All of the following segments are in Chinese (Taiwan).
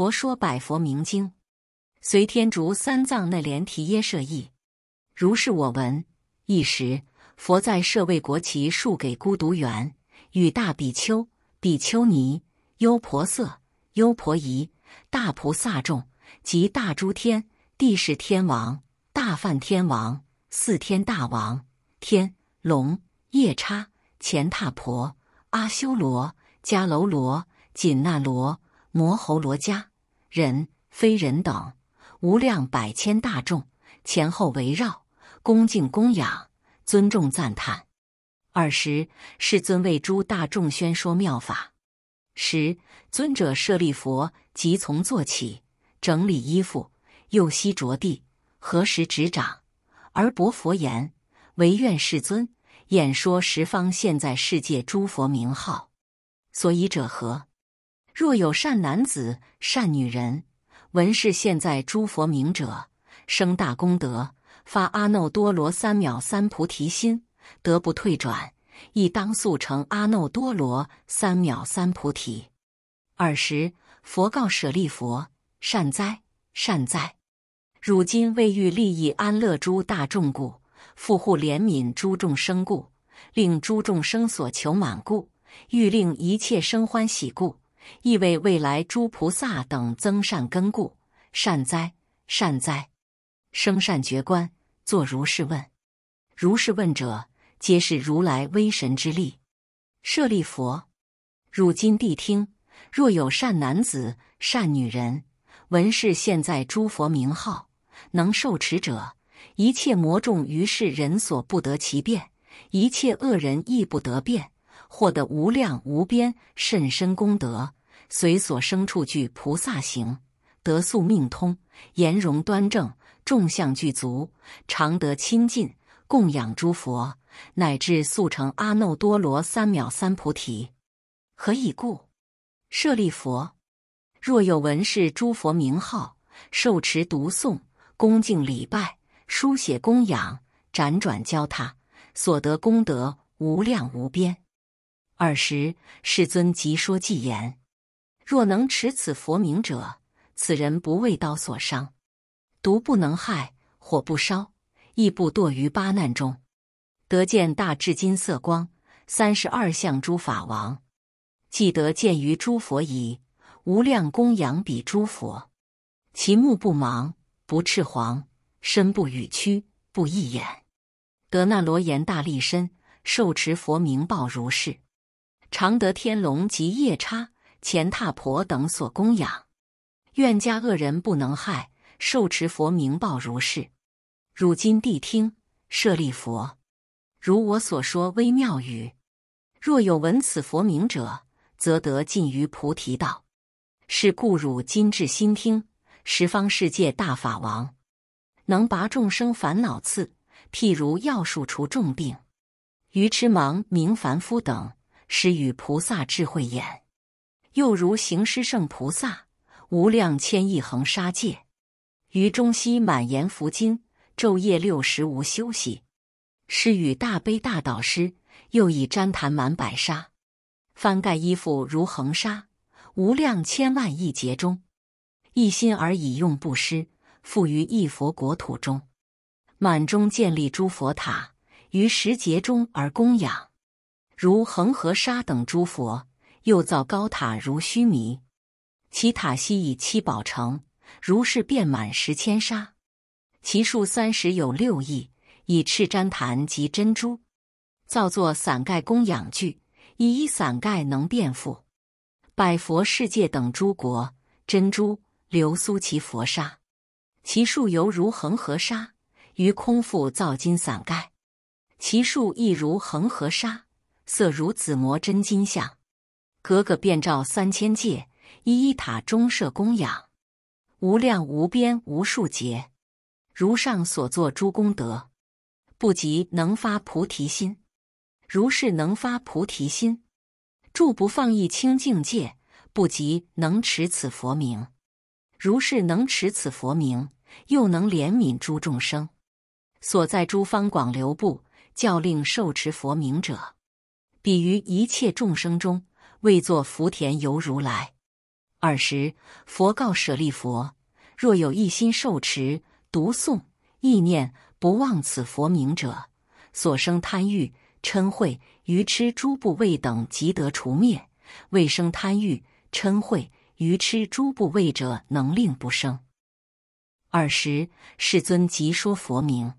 佛說《百佛名經》，隋天竺三藏那連提耶舍譯，如是我聞。一時，佛在舍衛國祇樹給孤獨園，與大比丘、比丘尼、優婆塞、優婆夷、大菩薩眾及大諸天、帝釋天王、大梵天王、四天大王、天龍夜叉、乾闥婆、阿修羅、迦樓羅、羅、緊那羅、摩睺羅伽。人非人等，無量百千大眾前後圍繞，恭敬供養，尊重讚歎。爾時，世尊為諸大眾宣說妙法。時，尊者舍利弗即從坐起，整理衣服，右膝着地，合十指掌，而白佛言：“唯願世尊演說十方現在世界諸佛名號。所以者何？”若有善男子、善女人，聞是現在諸佛名者，生大功德，發阿耨多羅三藐三菩提心，得不退轉，亦當速成阿耨多羅三藐三菩提。爾時，佛告舍利弗：“善哉，善哉！汝今為欲利益安樂諸大眾故，覆護憐憫諸眾生故，令諸眾生所求滿故，欲令一切生歡喜故。”亦為未來諸菩薩等增善根故，善哉，善哉！生善覺觀，作如是問。如是問者，皆是如來威神之力。舍利弗，汝今諦聽。若有善男子、善女人，聞是現在諸佛名號，能受持者，一切魔眾於是人所不得其便，一切惡人亦不得便。獲得無量無邊甚深功德，隨所生處具菩薩行，得宿命通，顏容端正，眾相具足，常得親近供養諸佛，乃至速成阿耨多羅三藐三菩提。何以故？舍利弗，若有聞是諸佛名號，受持讀誦，恭敬禮拜，書寫供養，輾轉教他，所得功德無量無邊。爾時，世尊即說偈言：“若能持此佛名者，此人不為刀所傷，毒不能害，火不燒，亦不墮於八難中，得見大智金色光，三十二相諸法王，既得見於諸佛已，無量供養彼諸佛，其目不盲，不赤黃，身不傴曲，不一眼，得那羅延大力身，受持佛名報如是。”常得天龍及夜叉、乾闥婆等所供養，怨家惡人不能害。受持佛名報如是。汝今諦聽，舍利弗，如我所說微妙語，若有聞此佛名者，則得近於菩提道。是故汝今至心聽。十方世界大法王，能拔眾生煩惱刺，譬如藥樹除眾病，愚癡盲瞑凡夫等。施與菩薩智慧眼，又如行施勝菩薩，無量千億恆沙界，於中悉滿閻浮金，晝夜六時無休息。施與大悲大導師，又以旃檀滿百剎，幡蓋衣服如恆沙，無量千萬億劫中，一心而以用布施，復於一佛國土中，滿中建立諸佛塔，於十劫中而供養。如恆河沙等諸佛，又造高塔如須彌，其塔悉以七寶成，如是遍滿十千剎，其數三十有六億，以赤旃檀及真珠，造作傘蓋供養具，一一傘蓋能遍覆。百佛世界等諸國，真珠旒蘇齊佛剎，其數猶如恆河沙，於空復造金傘蓋，其數亦如恆河沙。.色如紫磨真金像，各各遍照三千界，一一塔中設供養，無量無邊無數劫，如上所作諸功德，不及能發菩提心。如是能發菩提心，住不放逸清淨戒，不及能持此佛名。如是能持此佛名，又能憐憫諸眾生，所在諸方廣流布，教令受持佛名者。彼於一切眾生中，為作福田，猶如來。爾時，佛告舍利弗，若有一心受持、讀誦、憶念不忘此佛名者，所生貪欲、嗔恚、愚癡諸怖畏等，即得除滅；未生貪欲、嗔恚、愚癡諸怖畏者，能令不生。爾時，世尊即說佛名：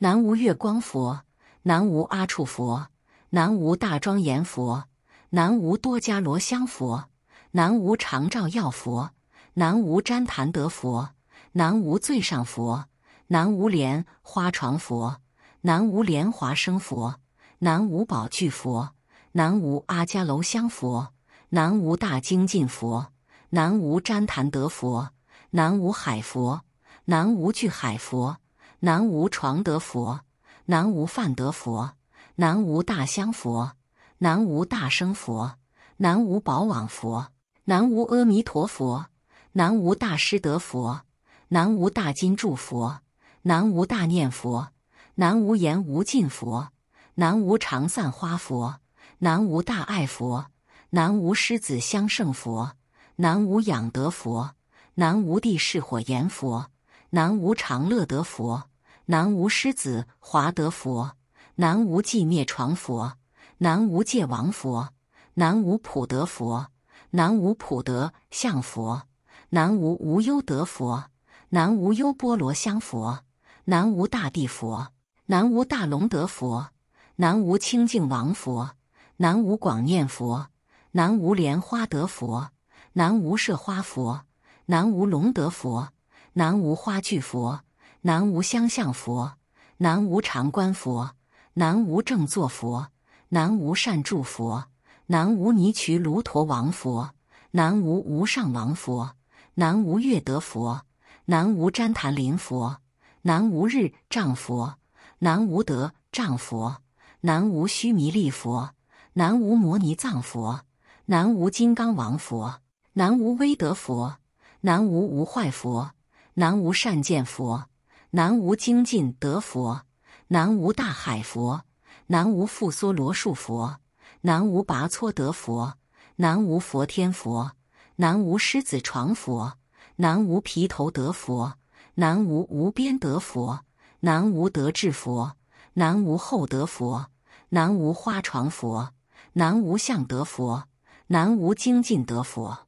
南無月光佛，南無阿閦佛。南無大莊嚴佛，南無多伽羅香佛，南無常照曜佛，南無栴檀德佛，南無最上佛，南無蓮花幢佛，南無蓮華生佛，南無寶聚佛，南無阿伽樓香佛，南無大精進佛，南無栴檀德佛，南無海佛，南無巨海佛，南無幢德佛，南無梵德佛。南無大香佛，南無大生佛，南無寶輞佛，南無阿彌陀佛，南無大施德佛，南無大金柱佛，南無大念佛，南無言無盡佛，南無常散花佛，南無大愛佛，南無師子香勝佛，南無養德佛，南無帝釋火炎佛，南無常樂德佛，南無師子華德佛。南無寂滅幢佛，南無戒王佛，南無普德佛，南無普德像佛，南無無憂德佛，南無優波羅香佛，南無大地佛，南無大龍德佛，南無清淨王佛，南無廣念佛，南無蓮花德佛，南無舍花佛，南無龍德佛，南無花聚佛，南無香象佛，南無常觀佛。南無正作佛，南無善住佛，南無尼瞿嚧陀王佛，南無無上王佛，南無月德佛，南無栴檀林佛，南無日藏佛，南無德藏佛，南無須彌力佛，南無摩尼藏佛，南無金剛王佛，南無威德佛，南無無壞佛，南無善見佛，南無精進德佛。南無大海佛，南無覆娑羅樹佛，南無跋瑳德佛，南無佛天佛，南無獅子幢佛，南無毘頭德佛，南無無邊德佛，南無德智佛，南無厚德佛，南無花幢佛，南無象德佛，南無精進德佛，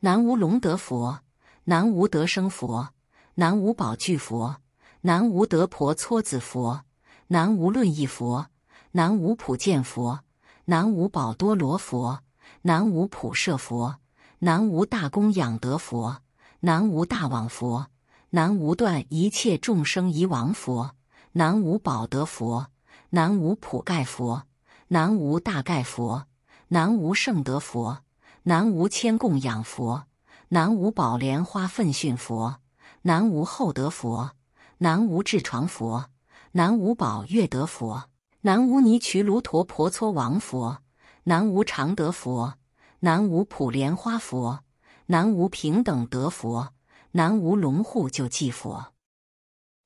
南無龍德佛，南無德生佛，南無寶聚佛，南無德婆瑳子佛。南無論義佛，南無普見佛，南無寶多羅佛，南無普舍佛，南無大供養德佛，南無大網佛，南無斷一切眾生疑王佛，南無寶德佛，南無普蓋佛，南無大蓋佛，南無勝德佛，南無千供養佛，南無寶蓮花奮迅佛，南無厚德佛，南無智幢佛。南無寶月德佛，南無尼瞿嚧陀婆瑳王佛，南無常德佛，南無普蓮花佛，南無平等德佛，南無龍護救濟佛。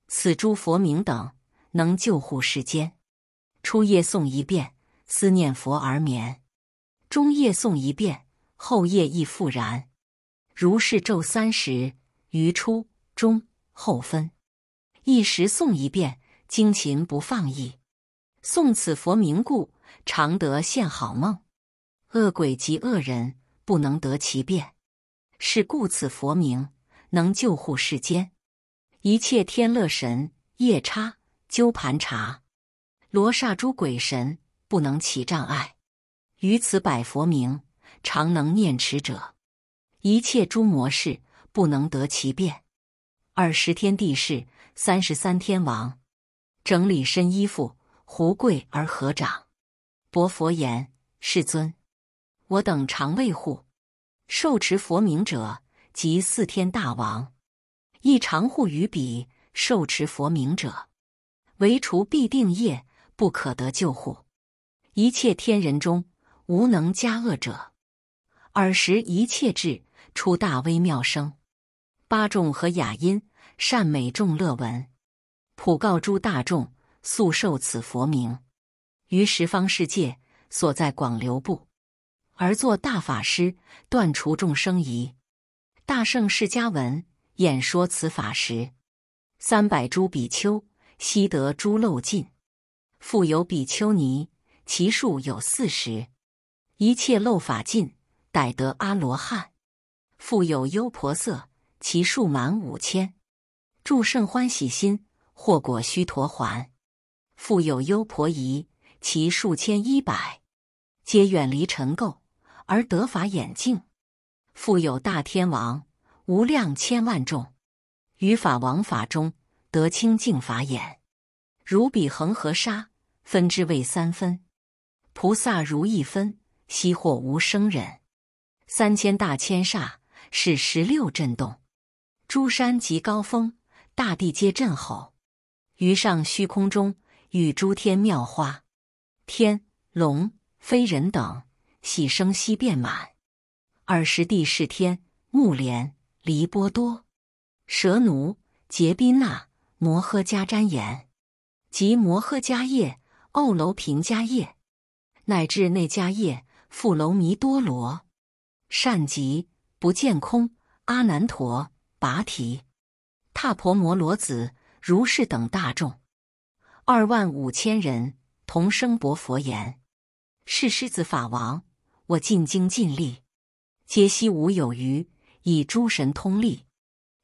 此諸佛名等，能救護世間。初夜誦一遍，思念佛而眠；中夜誦一遍，後夜亦復然。如是晝三時，於初、中、後分，一時誦一遍。精勤不放逸，誦此佛名故，常得見好夢。惡鬼及惡人不能得其便，是故此佛名能救護世間一切天、樂神、夜叉、鳩槃荼、羅剎諸鬼神不能起障礙。於此百佛名常能念持者，一切諸魔事不能得其便。二十天帝釋，三十三天王。整理身衣服，胡跪而合掌，白佛言：“世尊，我等常衛護，受持佛名者，即四天大王，亦常護於彼受持佛名者。唯除必定業，不可得救護。一切天人中，無能加惡者。爾時一切智出大微妙聲，八眾和雅音，善美眾樂聞。”普告諸大眾，速受此佛名，於十方世界，所在廣流佈，而作大法師，斷除眾生疑。大聖釋迦文，演說此法時，三百諸比丘悉得諸漏盡，復有比丘尼，其數有四十，一切漏法盡，逮得阿羅漢。復有優婆塞，其數滿五千，住甚歡喜心。或果須陀洹，復有優婆夷，其數千一百，皆遠離塵垢，而得法眼淨。復有大天王，無量千萬眾，於法王法中得清淨法眼，如彼恆河沙分之為三分，菩薩如一分，悉獲無生忍。三千大千剎，是十六震動，諸山及高峰，大地皆震吼。於上虛空中，與諸天妙花、天龍、非人等，喜生悉遍滿。二十地是天，目連、離波多、蛇奴、傑賓那、摩訶迦旃延，及摩訶迦葉、奧樓頻迦葉，乃至那迦葉、富樓彌多羅、善吉、不見空、阿難陀、跋提、踏婆摩羅子。如是等大眾二萬五千人同聲白佛言：“是師子法王，我盡精盡力，皆悉無有餘，以諸神通力，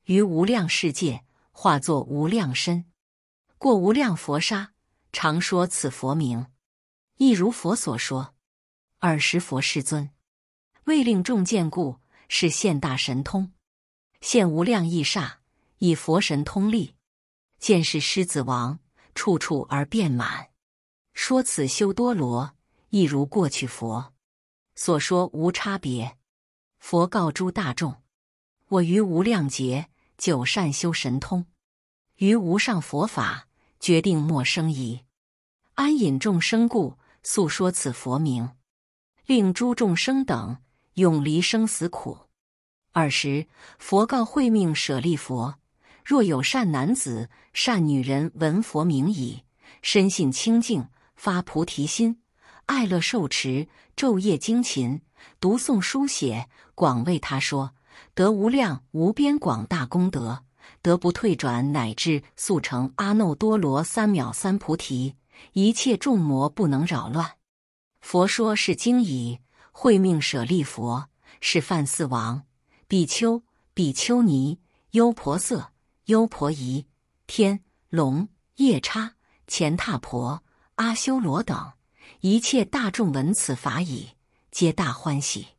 於無量世界化作無量身，過無量佛剎，常說此佛名，亦如佛所說。爾時佛世尊未令眾見故，是現大神通，現無量異剎，以佛神通力。”見是獅子王，處處而遍滿。說此修多羅，亦如過去佛所說無差別。佛告諸大眾：我於無量劫久善修神通，於無上佛法決定莫生疑。安隱眾生故，速說此佛名，令諸眾生等永離生死苦。爾時，佛告慧命舍利弗。若有善男子、善女人聞佛名已，深信清淨，發菩提心，愛樂受持，晝夜精勤，讀誦書寫，廣為他說，得無量無邊廣大功德，得不退轉，乃至速成阿耨多羅三藐三菩提，一切眾魔不能擾亂。佛說是經已，慧命舍利弗，釋梵四王、比丘、比丘尼、優婆塞、優婆夷、天龍、夜叉、乾闥婆、阿修羅等一切大眾聞此法已，皆大歡喜。